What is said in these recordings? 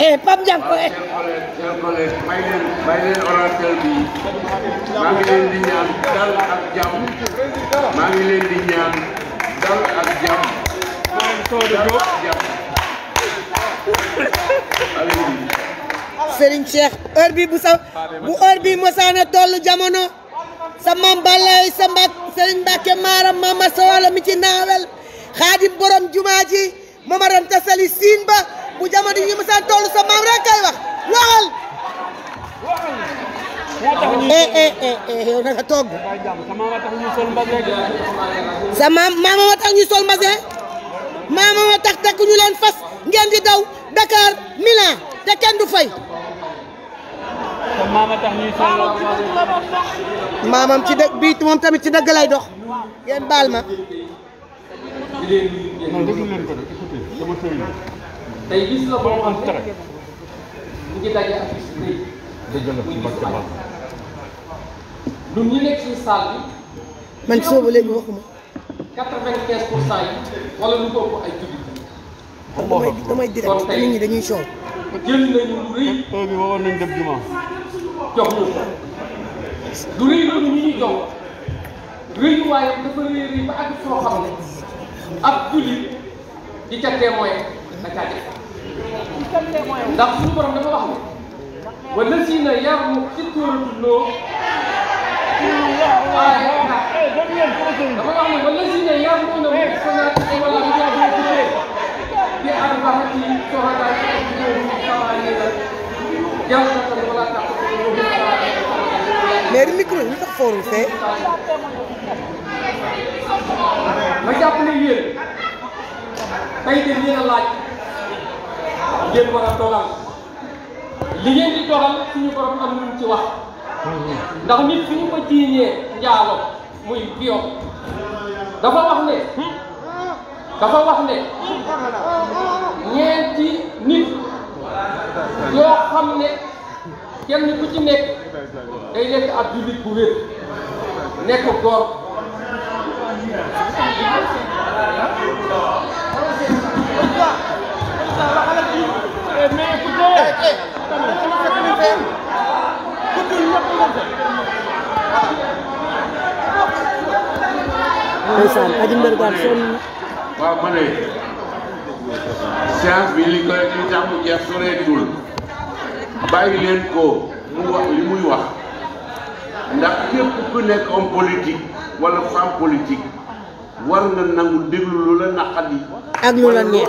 eh Pape Diakho eh. may leen may leen orateur bi bu sa bu heure mosaana toll jamono sa maam Balaye sa mbak Serigne Mbacke Maram Mama mi ci naawel Xaadim borom jumaa ji Mamaranta Sali Siin bu jamono yi ma saan toll sa maam rek kay wax waxal. Eh, eh eh eh yow toog. sa maam maama ma tax ñu sol mbase. maama ma tax takk ñu leen fas ngeen di daw Dakar Milan te kenn du fay. maama tax ñuy sol maamam ci dëgg bii moom tamit ci dëgg lay dox. ngeen baal ma. tey bis la boo xam ne mu ngi daje ak bis bu rëy. muy bis bu ñun ñi nekk ci salle bi. man soo ba léegi waxuma. quatre-vingt-quinze pour cent yi wala lu ko ëpp ay jullit. damay damay direct nit ñi dañuy soow. jël nañu lu rëy. heure bi waroon nañ dem jumaa. jox ñu ko lu rëy loolu ñu ñu jox rëy waayam dafa rëy rëy ba àgg foo xam ne ab jullit di ca témoin da caa def. ndax suñu borom dafa wax ne wala si na yàgg ci tuuratu loo dafa wax ne wala si na yàgg mu ne mu sanaa wala mu yàgg ci tee bi arbahati sohada jawsatan wala mais micro yi ñu tax foorul fee ma jàpp ne yéen tey de yéen a laaj ngeen war a dogal li ngeen di dogal suñu borom am lu ci wax ndax nit suñu ko jiiñee njaalo muy bio dafa wax ne dafa wax nit yoo ne kenn ku ci nekk day nekk ab jullit bu wér nekk góor ndeysaan aji mbergaan sonn waaw ma ne bi li koy li tax mu jeex soreetul bàyyi leen ko mu wax li muy wax ndax képp ku nekk homme politique wala femme politique war nga nangu déglu lu la naqat ak lu la neex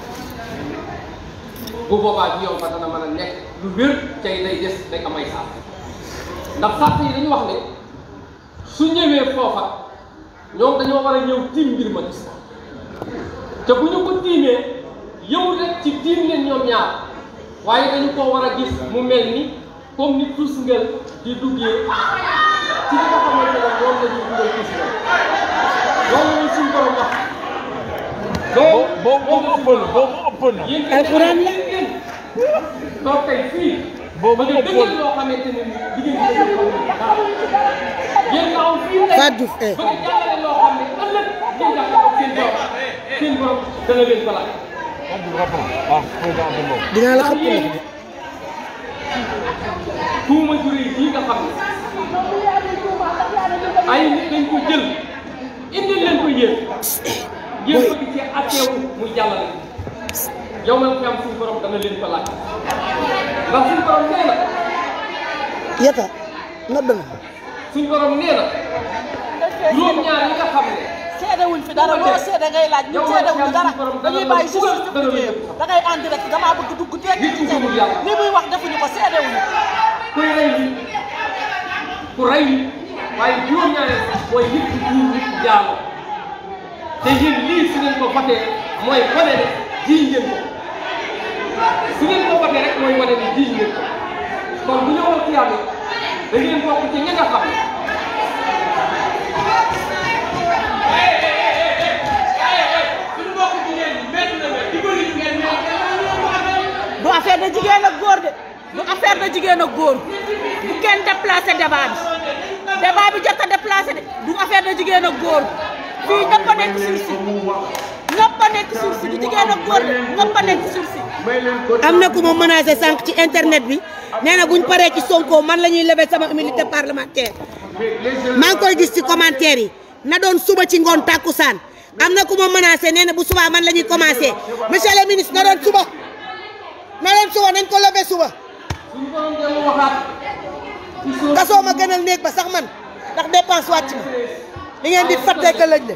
bu boobaa ci yow ba dana mën a nekk lu wér cay day des day am ay ndax sàrt yi dañu wax ne su ñëwee foofa ñoom dañoo war a ñëw tiim mbir ma gis te bu ñu ko tiimee yow rek ci tiim leen ñoom ñaar waaye dañu ko war a gis mu mel ni comme ni tusngal di duggee ci li nga xamante ne moom la ñuy dugal tusngal loolu mooy suñu borom wax. ëpp na. alxuraan la. donc tey fii. boobu ëpp na loo xamante ne nii yéen a fii. Fatou Diouf eh. bëgg jàllale loo xam ne ëllëg ngeen jàppale seen borom seen borom dana leen balaa. waaw président Abdou Mbow. dinaa la xëpp nag. tuuma juree yi nga xam ne ay nit dañ ko jël indil leen ko yéen. Eh. yéen bëgg cee atteewu muy jàllale. yow man fi am suñu borom dana leen ko laaj ndax suñu borom nee na. yata xam ne. seedewuñ fi dara loo seede ngay laaj ñu seedewuñ dara dañuy bàyyi si suuf si liggéeyam da ngay en direct damaa bëgg dugg teg ci seen li muy wax defuñu rey nit ku rey nit waaye juróom-ñaar mooy nit ku tuur nit ku jaamu te yéen lii su ngeen ko fàttee mooy wane jiiñ ngeen ko su ngeen ko wootee rek mooy wane ni jiiñ ngeen ci yàlla da ngeen bokk ci ñi nga xam de jigéen ak góor de du affaire de jigéen góor bu kenn déplacé débat bi débat bi jot a déplacé de du affaire de jigéen góor fii ñëpp a nekk suuf ñëpp a nekk suuf si du jigéen a nekk am na ku ma menacé sànq ci internet bi nee na buñ paree ci Sonko man la ñuy lever sama immunité parlementaire maa ngi koy gis ci commentaire yi na doon suba ci ngoon tàkku tàkkusaan am na ku ma menacé nee na bu subaa man la ñuy commencé monsieur le ministre na doon suba na doon suba nañ ko lever suba. kasoo ma gënal néeg ba sax man ndax dépense wàcc ma li ngeen di fàtteeka lëj la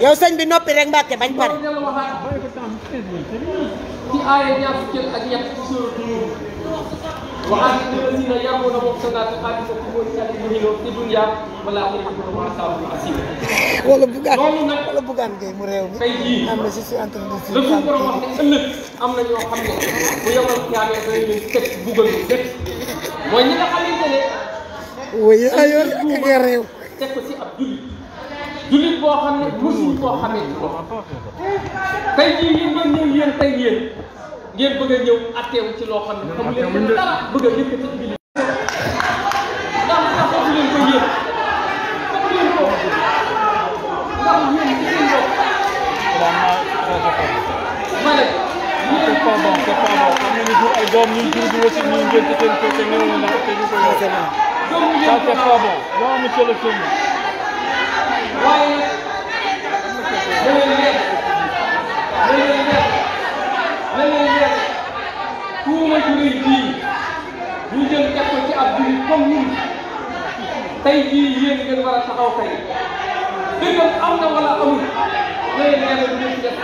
yow sëñ bi noppi rek Mbàkke bañ pare. ci aaya ñaar fukk ak ñett ci sóoratu Nuur wa dunya wala bugaan wala bugaan ngay mu réew mi. am na si si entreprise. la suñu wax ne ëllëg am na ñoo xam ne bugal yu teg mooy ñi nga xamante ne. jullit boo xam ne mosuñ koo xamee ci loolu tey jii yéen ngeen ñëw yéen tey yéen ngeen bëgg a ñëw atteewu ci loo xam ne xamu leen ko dara bëgg a yëkkati ci biir ndax sax xamu leen ko yéen xamu leen ko ndax yéen ci seen bopp ma ne c'est pas bon c'est pas bon am nañu jur ay doom ñuy jur di wasi ñuy ngeen te seen ko te néew na te ñu koy wasi naa ça c'est pas bon non monsieur le tey jii yéen ngeen war a taxaw tey dëggam am na wala amul léegi ngeen di def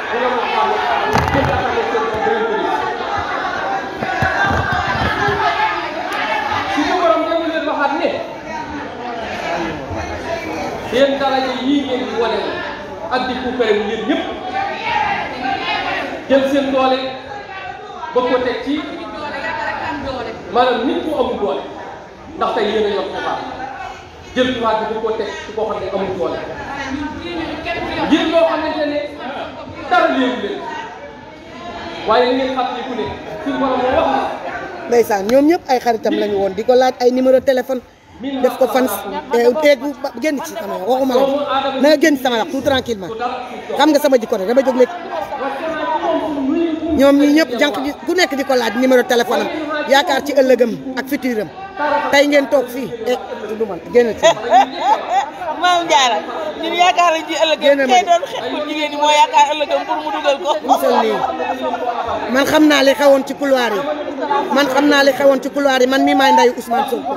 seen daraja yii ngeen di wane ak di puukare wu yéen ñëpp jël seen doole ba ko teg ci maanaam nit ku amul doole ndax ko xam ne amul doole ngir loo xamante ne dara léegi leen waaye ngeen fàttaliku ne suñu borom moo wax. ndeysaan ñoom ñëpp ay xaritam lañu woon di ko laaj ay numéro téléphone. def ko fan te teeg génn ci sama yoon waxuma la na nga génn sama yoon tout tranquillement xam nga sama jikko rek dama jóg léegi ñoom ñi ñëpp jànq ji ku nekk di ko laaj numéro téléphone am yaakaar ci ëllëgam ak futur am tey ngeen toog fii e du man maam Diarra ñun yaakaar nañ ci ëllëgam kay moo yaakaar ëllëgam pour mu dugal ko. man xam naa li xewoon ci couloir yi man xam naa li xewoon ci couloir yi man mi may ndayu Ousmane Sonko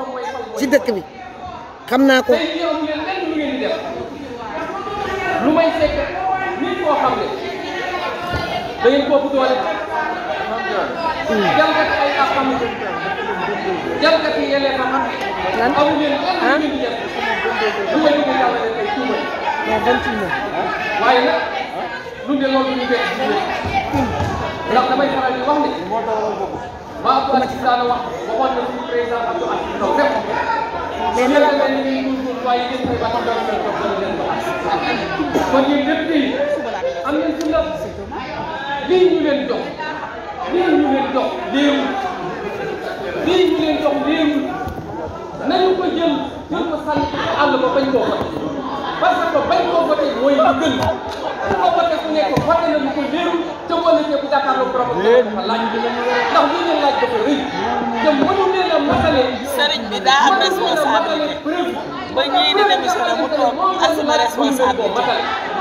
ci dëkk bi xam naa ko. lu jalgati yelleef am lan ah mais ban ci ñoom. waaye nag lu ne loolu ñu koy ndax damay faral di wax ni. moo taxawal bopp. waaw Abdou Aziz Daane wax waxoon na suñu président Abdou Aziz Ndaw def ko. mais nag su ñu demee nii waaye yéen ñëpp dafa doon mel ko doon leen wax. kon ñun lépp nii am nañ ci ndaw lii ñu leen jox lii ñu leen jox lii lii ñu leen jox léegi nañu ko jël jël ko sànni ko ci àll ba bañ koo voté parce que bañ koo voté mooy lu gën ku ko voté ku nekk voté na lu ko léeru te wala bu jàkkaarloo borom dafa laaj ndax lii leen laaj dafa rëy te mënu leen a matale sëriñ bi daa am responsabilité ba ñii di démission mu toog asuma responsabilité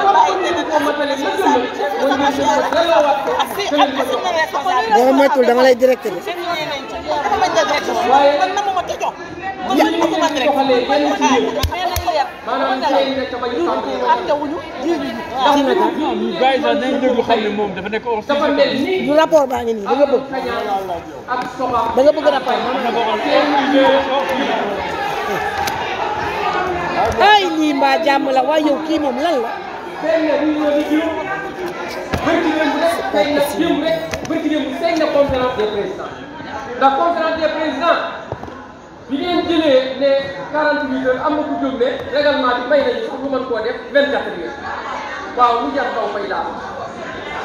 dafa ay tëdd ko matale responsabilité dafa ah, am yàlla asuma responsabilité boo matul dama lay directé bañ la direct waaye man namuma tëjoo. yàlla amuma direct man ma xaar man ma ne moom dafa nekk hors sujet. du rapport baa ngi nii da nga bëgg. da nga bëgg rapport. ay lii mbaa jàmm la waaye yow kii moom lan la. c'est pas possible. ndax conférence des présidents bi ngeen jëlee ne 48 heures am na ku jóg ne règlement bi may nañu pour mën koo def 24 heures waaw lu jar taw may daal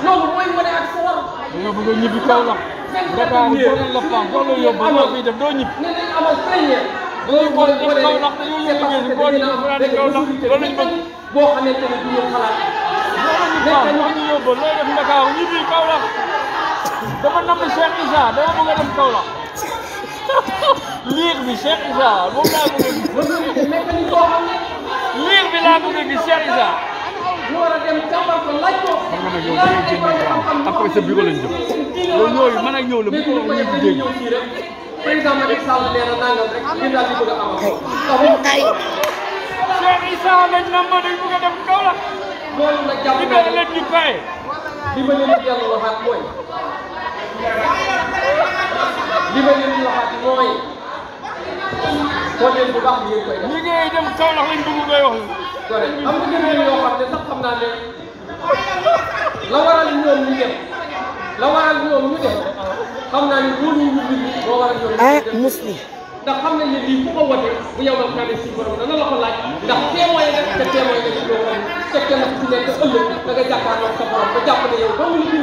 loolu mooy wane ak sa war. nga bëgg a ñibbi kaw la. Dakar boo doon la faam boo doon yóbbu boo koy def doo ñibbi. ne nañ amal plénière. dañuy boole dañuy boole dañuy boole dañuy boole dañuy boole dañuy boole boo xamante ne du ñu xalaat. loolu ñu faam wax ñu yóbbu looy def Dakar ñibbi kaw la. dama nam Cheikh Issa dama bëgg a dem Kaolack liir bi Cheikh Issa moom laa bëgg liir bi laa bëgg gis Cheikh Issa. xam nga nag yow da ngay génne waaw après sa bureau lañ jëm yow ñooñu mën a ñëw la bu ko ñëw di dégg. président Macky Sall nee na nangam rek ñu daal di bëgg a amal. Cheikh Issa lañ nam ba dañ bëgg a dem Kaolack. loolu nag jàpp naa ne li leen di fay. li ma leen di yàlla waxaat mooy. li ma leen di waxaat mooy wane bu baax ngeen koy def. ñi ngay dem Kaolack lañ bëgg ngay wax. gore am na yoo xam ne sax xam naa ne la waral ñoom ñu def la waral ñoom ñu def xam naa ne loolu ñu ngi dugg moo waral ñoom ñu def. Ah, musli ndax xam nañ ne lii ku ko si borom dana la ko laaj ndax témoin nga te témoin nga ci loo ne te kenn ku nekk ëllëg da nga jàppaanoo sa borom ba ne yow